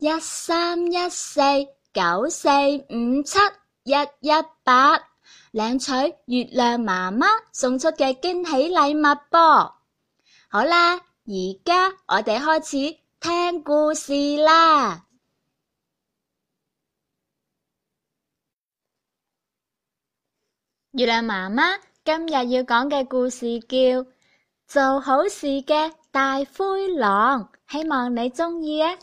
一三一四九四五七一一八，領取月亮媽媽送出嘅驚喜禮物啵。好啦，而家我哋開始聽故事啦。月亮媽媽今日要講嘅故事叫《做好事嘅大灰狼》，希望你鍾意啊！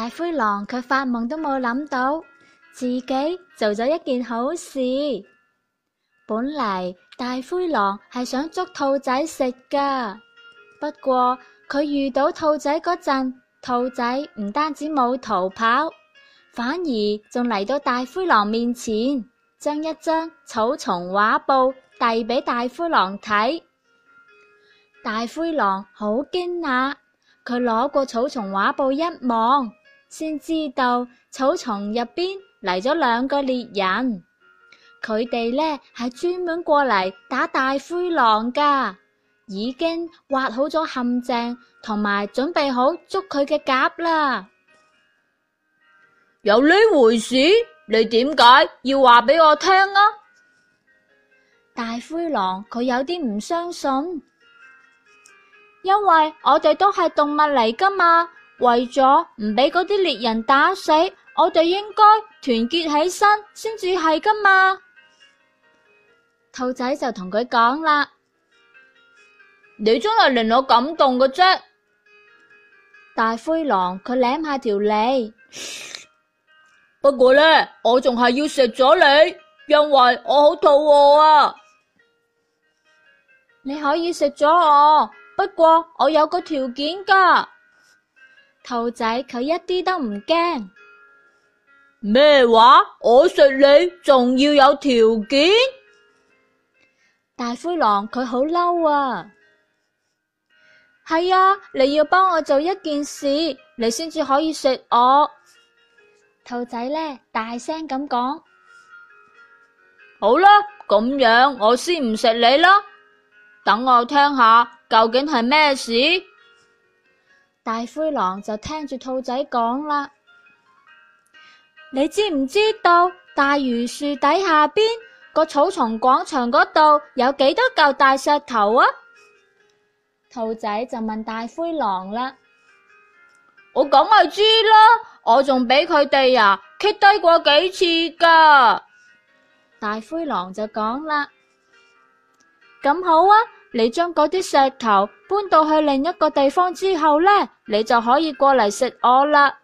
大灰狼卻發夢都冇諗到自己做咗一件好事。本嚟大灰狼係想捉兔仔食噶，不過佢遇到兔仔嗰陣，兔仔唔單止冇逃跑，反而仲嚟到大灰狼面前，將一張草叢畫布遞俾大灰狼睇。大灰狼好驚訝，佢攞過草叢畫布一望。先知道草叢入邊嚟咗兩個獵人，佢哋呢係專門過嚟打大灰狼噶，已經挖好咗陷阱，同埋準備好捉佢嘅夾啦。有呢回事？你點解要話俾我聽啊？大灰狼佢有啲唔相信，因為我哋都係動物嚟噶嘛。為咗唔俾嗰啲獵人打死，我哋應該團結起身先至係噶嘛。兔仔就同佢講啦：你真係令我感動嘅啫。大灰狼佢舐下條脷， 不過呢，我仲係要食咗你，因為我好肚餓啊！你可以食咗我，不過我有個條件噶。兔仔佢一啲都唔驚。咩話？我食你仲要有條件？大灰狼佢好嬲啊！係啊，你要幫我做一件事，你先至可以食我。兔仔呢，大聲咁講。好啦，咁樣我先唔食你啦。等我聽下究竟係咩事？大灰狼就聽住兔仔講啦。你知唔知道大榆樹底下邊個草叢廣場嗰度有幾多嚿大石頭啊？兔仔就問大灰狼啦。我梗係知啦，我仲俾佢哋啊，跌低過幾次㗎。大灰狼就講啦，咁好啊。你將嗰啲石頭搬到去另一個地方之後呢，你就可以過嚟食我啦。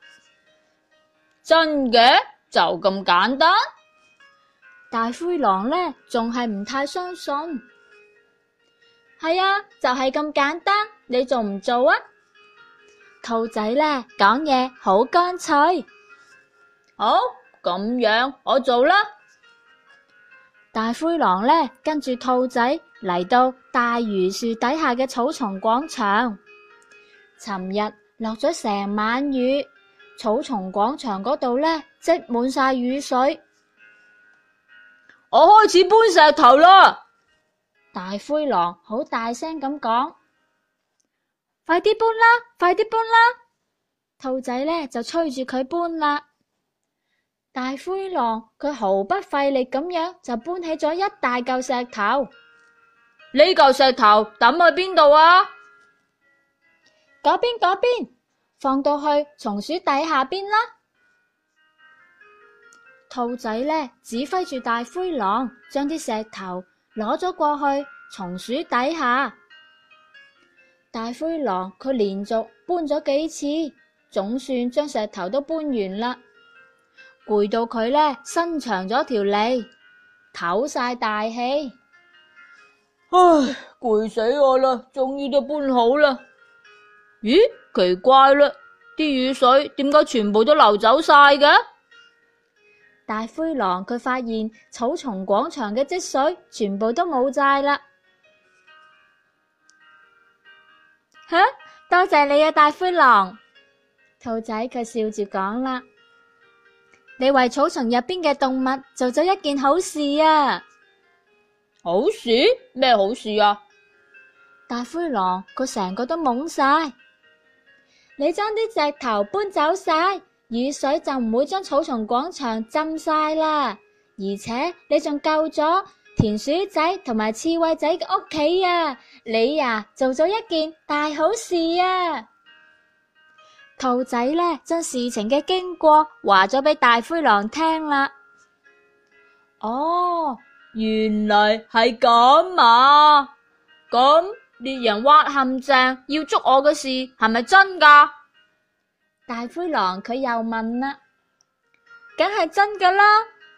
真嘅就咁簡單？大灰狼呢，仲係唔太相信。係啊，就係咁簡單，你做唔做啊？兔仔呢，講嘢好乾脆，好，咁樣，我做啦。大灰狼呢，跟住兔仔，嚟到大榆樹底下嘅草叢廣場，尋日落咗成晚雨，草叢廣場嗰度呢，積滿晒雨水。我開始搬石頭啦！大灰狼好大聲咁講：快啲搬啦！快啲搬啦！兔仔呢就催住佢搬啦。大灰狼佢毫不費力咁樣就搬起咗一大嚿石頭。呢嚿石頭抌去邊度啊？嗰邊嗰邊，放到去松鼠底下邊啦。兔仔呢，指揮住大灰狼，將啲石頭攞咗過去松鼠底下。大灰狼佢連續搬咗幾次，總算將石頭都搬完啦。攰到佢呢，伸長咗條脷，唞晒大氣。唉，攰死我啦！終於都搬好啦。咦，奇怪啦，啲雨水點解全部都流走晒嘅？大灰狼佢發現草叢廣場嘅積水全部都冇晒啦。吓，多謝你啊，大灰狼！兔仔佢笑住講啦：「你為草叢入邊嘅動物做咗一件好事啊！」好事？咩好事啊？大灰狼佢成個都懵晒，你將啲石頭搬走晒，雨水就唔會將草叢廣場浸晒啦。而且你仲救咗田鼠仔同埋刺猬仔嘅屋企啊！你呀做咗一件大好事啊！兔仔呢，將事情嘅經過話咗俾大灰狼聽啦。哦。原來係咁啊！咁獵人挖陷阱要捉我嘅事係咪真噶？大灰狼佢又問啦。梗係真噶啦。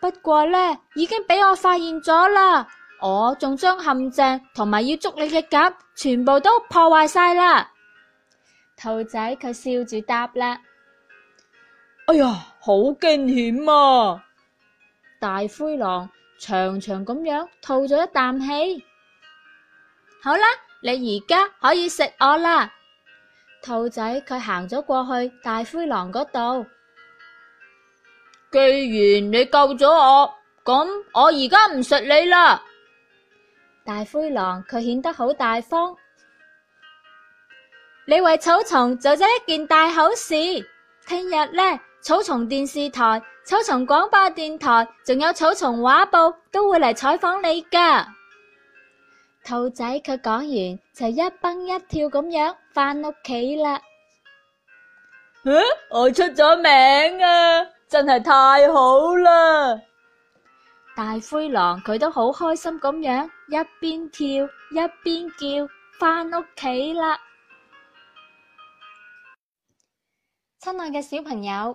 不過呢，已經俾我發現咗啦。我仲將陷阱同埋要捉你嘅夾全部都破壞晒啦。兔仔佢笑住答啦。哎呀，好驚險啊！大灰狼。長長咁樣吐咗一啖氣，好啦，你而家可以食我啦！兔仔佢行咗過去大灰狼嗰度。既然你救咗我，咁我而家唔食你啦！大灰狼佢顯得好大方，你為草叢做咗一件大好事，聽日呢。草叢電視台、草叢廣播電台，仲有草叢畫報都會嚟採訪你噶。兔仔佢講完就一蹦一跳咁樣返屋企啦。嗯，我出咗名啊，真係太好啦！大灰狼佢都好開心咁樣一邊跳一邊叫返屋企啦。親愛嘅小朋友。